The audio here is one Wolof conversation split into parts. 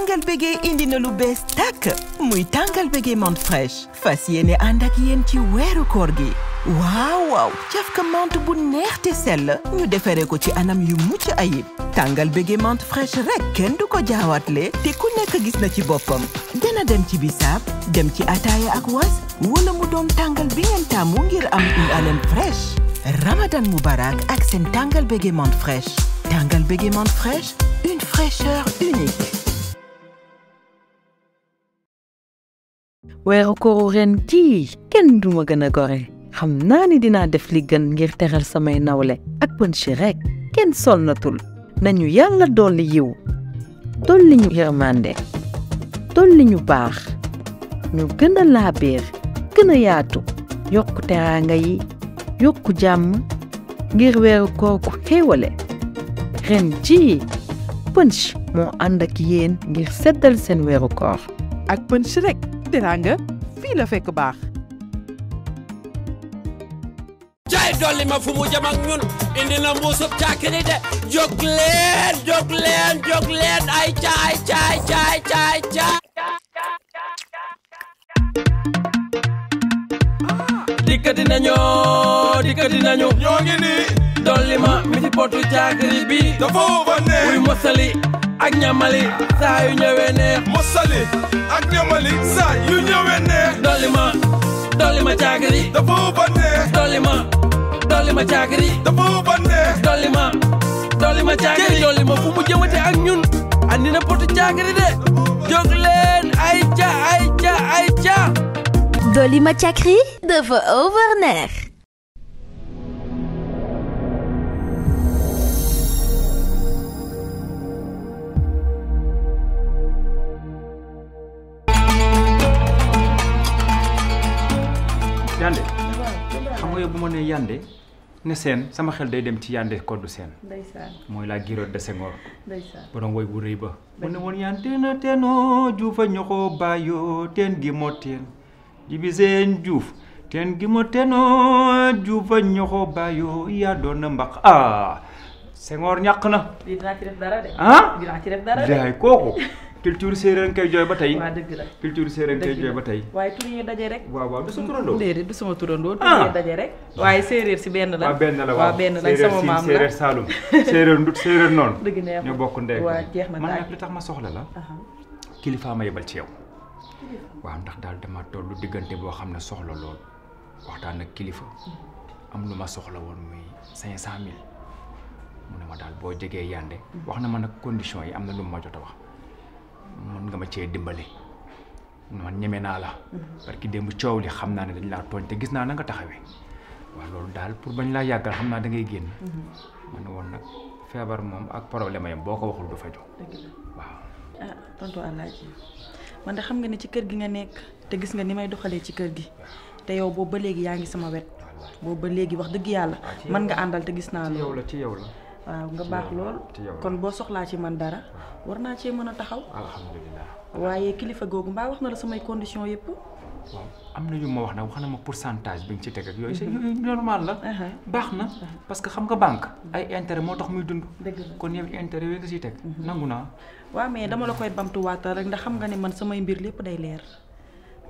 tàngal bégee indi na lu bees tàkk muy tàngal bégee menthe fraîche fas yéene ànd ak ci weeru koor gi waaw waaw cafka menthe bu neex te sell ñu defaree ko ci anam yu mucc ayib tàngal bégee menthe fraîche rek kenn du ko jaawaatle te ku nekk gis na ci boppam dina dem ci bisaab dem ci ataaya ak was wala mu doon tàngal bi ngeen taamu ngir am une haleine ak seen tàngal bégee une fraîcheur unique weeru kooru ren jii kenn duma gën a gore xam naa ni dinaa def li gën ngir teral samay nawle ak pënchi rek kenn sol solnatul nañu yàlla dolli yiw dolli ñu yërmande dolli ñu baax ñu gën a laabeer gën a yaatu yokku teraanga yi yokku jàmm ngir weeru koor ku xéewale ren jii Punch moo ànd ak yéen ngir seddal seen weeru koor teraanga baax. jaay dolli ma fu mu jëm ak indi na mbuusub caakiri de jóg leen jóg leen jóg leen ay ca ay ca ay ca ay ca ay ca. dikkati nañoo dikkati nañu. ñoo ngi nii. dolli ma mi ci potu caakiri bi. dafa woon ne. muy mosali. ak ñamali saa yu ñëwee neex mosali ak ñamali saa yu ñëwee neex dolli ma dolli ma caagri dafa ba neex ma dolli ma caagri dafa ma fu mu jëmate ak ñun andi na potu de jóg leen ay ca ay ca ay ca dolli ma caagri dafa over neex yande xam nga bu ma nee yande ne seen sama xel day dem ci yande koddu seen mooy la girotte de Senghor borom woy bu rëy ba mu ne woon yante na teno juufa ñoxo bàyyoo teen gi moo teen jibi juuf teen gi moo teno juufa ñoxo bàyyoo yaa doon na mbaq ah Senghor ñàq na ah dinaa ci kooku culture séeréer koy ba tey. dëgg la culture séeréer koy jooy ba tey. waaye tur yi daje rek. waaw waaw du sama turandoo. déedéet du sama ah! yi daje rek. waaye séeréer si benn la. waaw benn la waaw benn la sama maam la séeréer Saalum séeréer ndut séeréer noonu. dëgg neex ñu bokk ndey waaw jeex na man nag tax ma soxla la. kilifa ma yebal ci yow. waaw ndax daal dama tollu diggante boo xam ne soxla lool waxtaan ak kilifa mm-hmm. am lu ma soxla woon muy cinq cent mille mu ne ma daal boo jegee yande mm-hmm. wax na ma nag condition yi am na lu ma jot wax mën nga ma cee dimbali man ñeme naa la. parce mhm. que démb coow li xam naa ne dañ laa tooñ te gis naa na nga taxawee loolu daal pour bañ laa yàggal xam naa da ngay génn. Mhm. man woon nag feebar moom ak problème yam boo ko waxul du faju waaw. ah tontu Alaaji man de xam nga ne ci kër gi nga nekk te gis nga ni may doxalee ci kër gi te yow boobu ba léegi yaa ngi sama wet boobu ba léegi wax dëgg yàlla mën nga àndal te gis naa loolu ci ci yow la. waaw nga baax lool kon boo soxlaa ci man dara war naa cee mën a taxaw. alhamdulilah waaye kilifa googu mbaa wax na la samay condition yëpp. am na yu ma wax nag wax na ma pour pourcentage bi nga ci teg ak yooyu. yooyu normal la. Uh-huh. baax na uh-huh. parce que xam nga banque. ay intérêt moo tax muy dund. kon yow intérêt yooyu nga ciy teg uh-huh. nangu naa. waaw mais dama la koy bamtuwaatal rek ndax xam nga ne man samay mbir lépp day leer.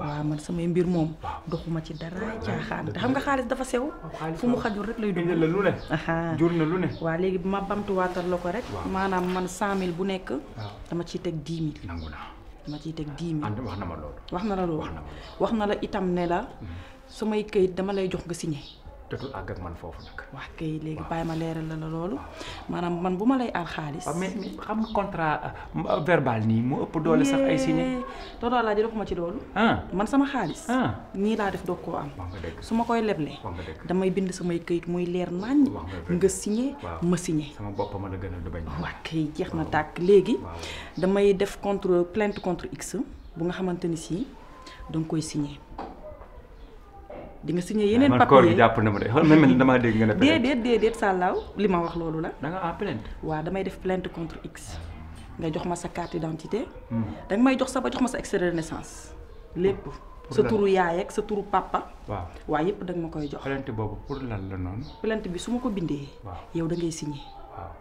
waa man samay mbir moom doxuma ci dara caaxaan xam nga xaalis dafa sew fu mu xajul rek lay dugg la lu ne jur na lu léegi bi ma bamtuwaatal la ko rek maanaam man sent mille bu nekk dama ciy teg dix mille nangu naa dama ciy teg dix wax na ma loolu wax na la loolu wax na la itam ne la mm. samay këyit dama lay jox nga signé te du àgg ak man foofu nag. waaw kay léegi bàyyi ma leeral la loolu maanaam man bu ma lay aar xaalis. mais xam contrat euh, verbal nii mu ëpp doole sax ay signé. tonton Alaaji defuma ci loolu. Ah. man sama xaalis. Ah. nii laa def doog ko am. su ma koy leble. damay bind samay kayit muy leer nañ nga signé ma signé. sama bopp ma la gënal du bañ. waaw kay jeex na tàkk léegi. damay def contre plainte contre x bu nga xamante ni si danga koy signé. di nga signé ah, yeneen papier man koor ma de xool man damaa dégg nga ne. déedéet déedéet sàllaaw li ma wax loolu la. danga nga ah, en waa waaw damay def plainte contre X. nga jox ma sa carte d'identité. Hmm. da nga may jox sa ba jox ma sa extrait de naissance. lépp sa turu yaay ak sa turu papa. waaw waaye yëpp da ma koy jox. plainte boobu pour lan la noonu. plainte bi su ma ko bindee. yow da ngay signé. waaw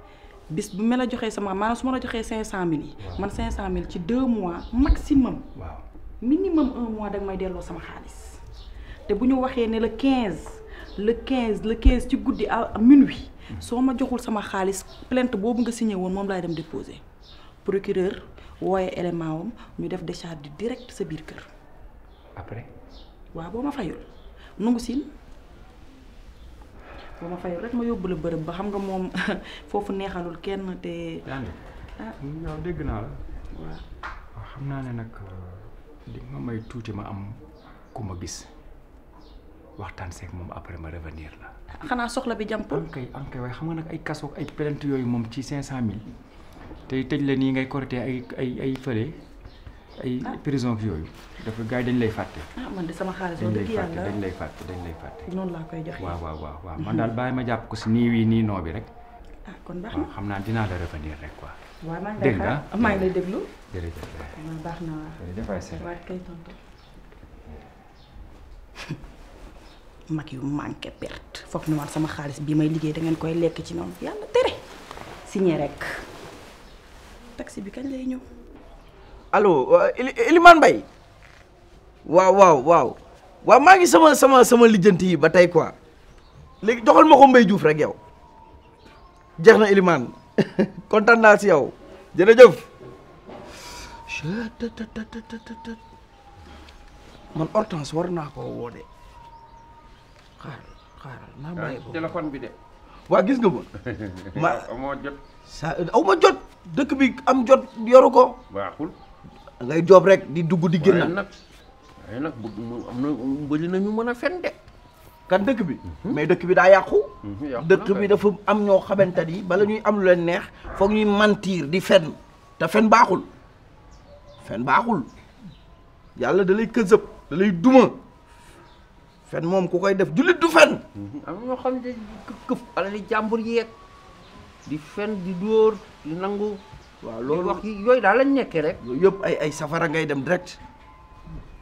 bis bu ma la joxee sama maanaam su ma la joxee 500000 yi. man 500000 ci 2 mois maximum. waaw minimum 1 mois da may delloo sama xaalis. te bu ñu waxee ne la 15 le quinze la 15 ci guddi à minuit soo ma joxul sama xaalis plainte boobu nga signé woon moom laay dem déposer procureur wooye élément wam ñu def décharge di direct sa biir kër. après. waaw boo ma fayul nangu siin boo ma fayul rek ma yóbbu la bërëb ba xam nga moom foofu neexalul kenn te. ah yow dégg naa ne nag euh, di may tuuti ma am ku ma gis. waxtaan seeg moom après ma revenir la. xanaa soxla bi jàmpul. ankay ankay waaye xam nga nag ay kasoog ay plainte yooyu moom ci 500000 tey tëj la nii ngay corté ay ay ay fële ay ah. prison ak yooyu dafa gars dañ lay fàtte. Ah, man de sama xaalis wax dëgg dañ lay fàtte dañ lay fàtte. noonu laa koy joxe waaw waaw waaw man daal bàyyi ma jàpp ko si nii wii nii noo bi rek. Ah, kon na xam naa dinaa la revenir rek quoi. dégg nga waaw maa ngi lay déglu. jërëjëf waaw baax mag yu manqué perte foog ne man sama xaalis bi may liggéey da ngeen koy lekk ci noonu yàlla tere signé rek taxi bi kañ lay ñëw. allo Elimane euh, Mbaye waaw waaw waaw waaw maa ngi sama sama sama lijjanti yi ba tey quoi léegi doxal ma ko Mbaye rek yow jeex na Elimane kontaan naa si yow jërëjëf. man Hortense war naa koo woo de xaaral bi de. waa gis nga ma. ma amoo jot. dëkk bi am jot yoru ko. baaxul. ngay joob rek di dugg di génn. nag nag am na bëri ñu mën a fen de. kan dëkk bi. Mhm. mais dëkk bi daa yàqu. Mhm, dëkk bi dafa am ñoo xamante ni bala ñuy am lu leen neex foog ñuy mentir di fen te fen baaxul fen baaxul yàlla da lay kësëb da duma. fen moom ku koy def jullit du fen mm-hmm. am ñoo xam ne këf këf jàmbur yeeg di fen di dóor di nangu waaw loolu wax yooyu daal lañ nekkee rek yooyu yëpp ay ay safara ngay dem direct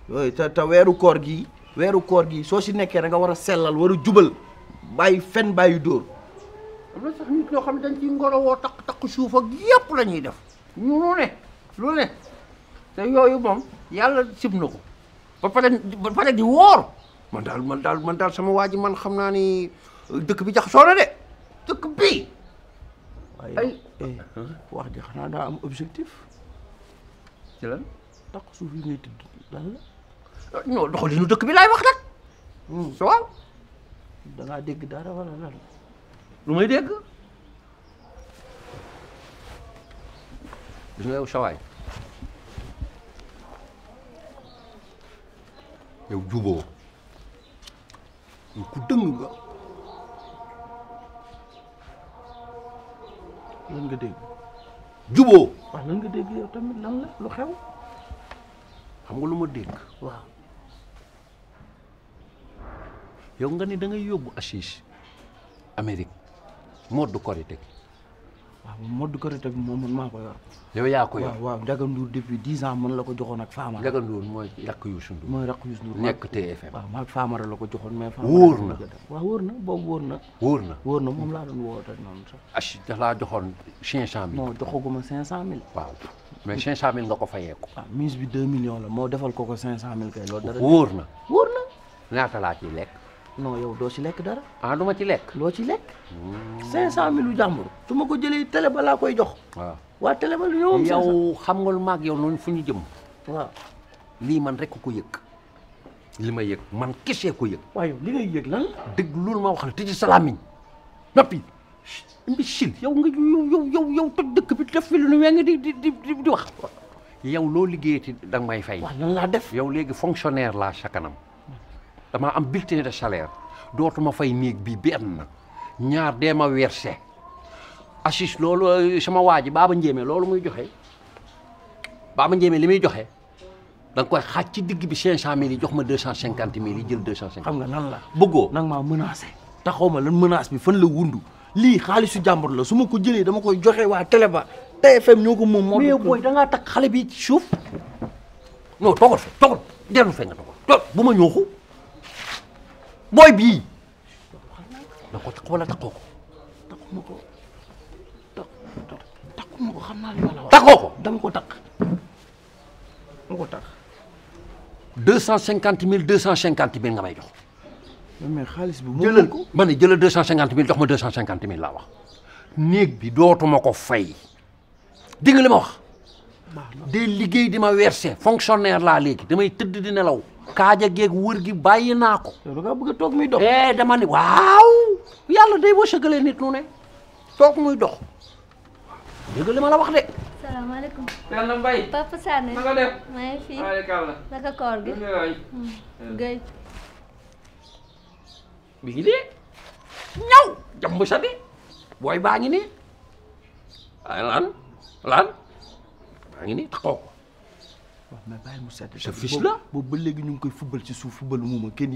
yooyu te te weeru koor gi weeru koor gi soo si nekkee rek nga war a sellal war a jubal bàyyi fen bàyyi dóor am na sax nit loo xam ne dañ ciy ngorowoo takk takk suuf ak yëpp la ñuy def ñu lu ne lu yooyu moom yàlla sib na ba pare di woor man daal man daal man daal sama waa ji man xam naa ni dëkk bi jaxasoo na de dëkk bi ay eh, wax ji xanaa daa am objectif ci lan tax ngay eh, dëkk bi laay wax nag hmm. so waaw da ngaa dégg dara wala lan lu may dégg gis nga yow sawaay yow juboo ku dëng nga lan nga dégg juboo waaw lan nga dégg yow tamit lan la lu xew xam nga lu ma dégg yow nga ni dangay yóbbu ashish Amérique moo du korite waaw mode karité bi moom man maa ko ko yor waaw waaw Daga Ndour depuis ko joxoon ak Faamara. Daga Ndour mooy rakk nekk TFM. waaw maa ko joxoon mais. wóor na waaw wóor na na. wóor na wóor na moom laa doon woote noonu sax. laa joxoon cinq cent mille. non joxaguma cinq cent waaw mais cinq cent mille nga ko fayeeku. ah mise bi deux millions la moo defal ko ko cinq cent mille kay. loolu dara wóor na wóor na. ñaata laa ciy lekk. non yow doo ci lekk dara. ah du ma ci lekk. loo ci lekk. 500000 u jàmbur. su ma ko jëlee télé ba laa koy jox. waaw ah. waa télé ba lu ñëwoon. yow xam nga lu yow noonu fu ñu jëm. lii man rekk ko yëg. li ma yëg man kese ko yëg. waaye li ngay yëg lan la. dégg loolu ma wax la tëj sa làmmiñ noppi. imbécile yow nga yow yow yow toj dëkk bi def lu nu di di di di wax. yow loo liggéeyati danga may fay. waaw lan laa def yow léegi fonctionnaire laa sa damaa am bulletin de salaire dootuma fay néeg bi na ñaar dee ma verser assis loolu euh, sama waa ji baaba njéeme loolu muy joxe baaba njéeme li muy joxe da nga koy xaaj ci digg bi cinq cent mille yi jox ma deux cent cinquante mille yi jël deux cent cinquante. xam nan la bëggoo nag maa menacé taxaw ma lan menace bi fan la wundu lii xaalisu jàmbur la su ma ko jëlee dama koy joxe waa tele ba TFM ñoo ko moom moo mais booy da ngaa takk xale bi ci suuf non toogal fa fe nga toogal booy bii da ko takk wala takkoo ko. ko takkoo ko dama ko takk dama ko takk. deux cinquante mille deux cent cinquante mille nga may jox. mais xaalis bi jëlal ko ma ne jëlal deux cent cinquante mille jox ma deux cent cinquante mille laa wax. néeg bi dootuma ko fay. dégg li ma wax. day liggéey di ma verser fonctionnaire laa léegi damay tëdd di nelaw. kaaja geeg wër gi bàyyi naa ko. da nga bëgg a toog muy dox. eh dama ne yàlla day wërsëgale nit ñu ne toog muy dox dégg li ma la wax de. salaamaaleykum. yàlla mbay. Papa Sané na nga def. maa ngi fi naka koor gi. Guèye. Hmm. mi baa ngi nii lan lan maa ngi nii taxoo waaw mais bàyyi mu sedd sa fiche la boobu ba léegi koy fubal ci suuf fubalu muuma kenn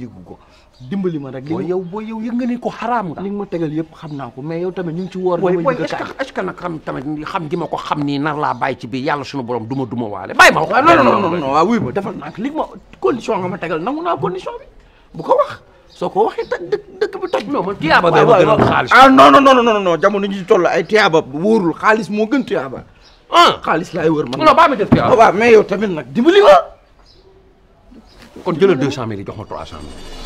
ma rek boo yow boo yow yëg nga ko xaraam nga nga ma tegal yëpp xam naa ko mais yow tamit ñu ngi ci woor est-ce que nag xam tamit xam gi ma ko xam nii nar laa bàyyi ci biir yàlla suñu borom duma duma waale bàyyi ma ah, wax ko li ma condition bi bu ko wax soo ko waxee ta dëkk bi toj non man tiyaaba bee ma gënal xaalis ah non non non non non jamono ji toll tiyaaba wóorul xaalis moo gën tiyaaba ah xaalis laay wër man. non baa mi def ah, waaw mais yow tamit nag dimbali ma. kon jëlal deux cent mille jox ma trois cent mille.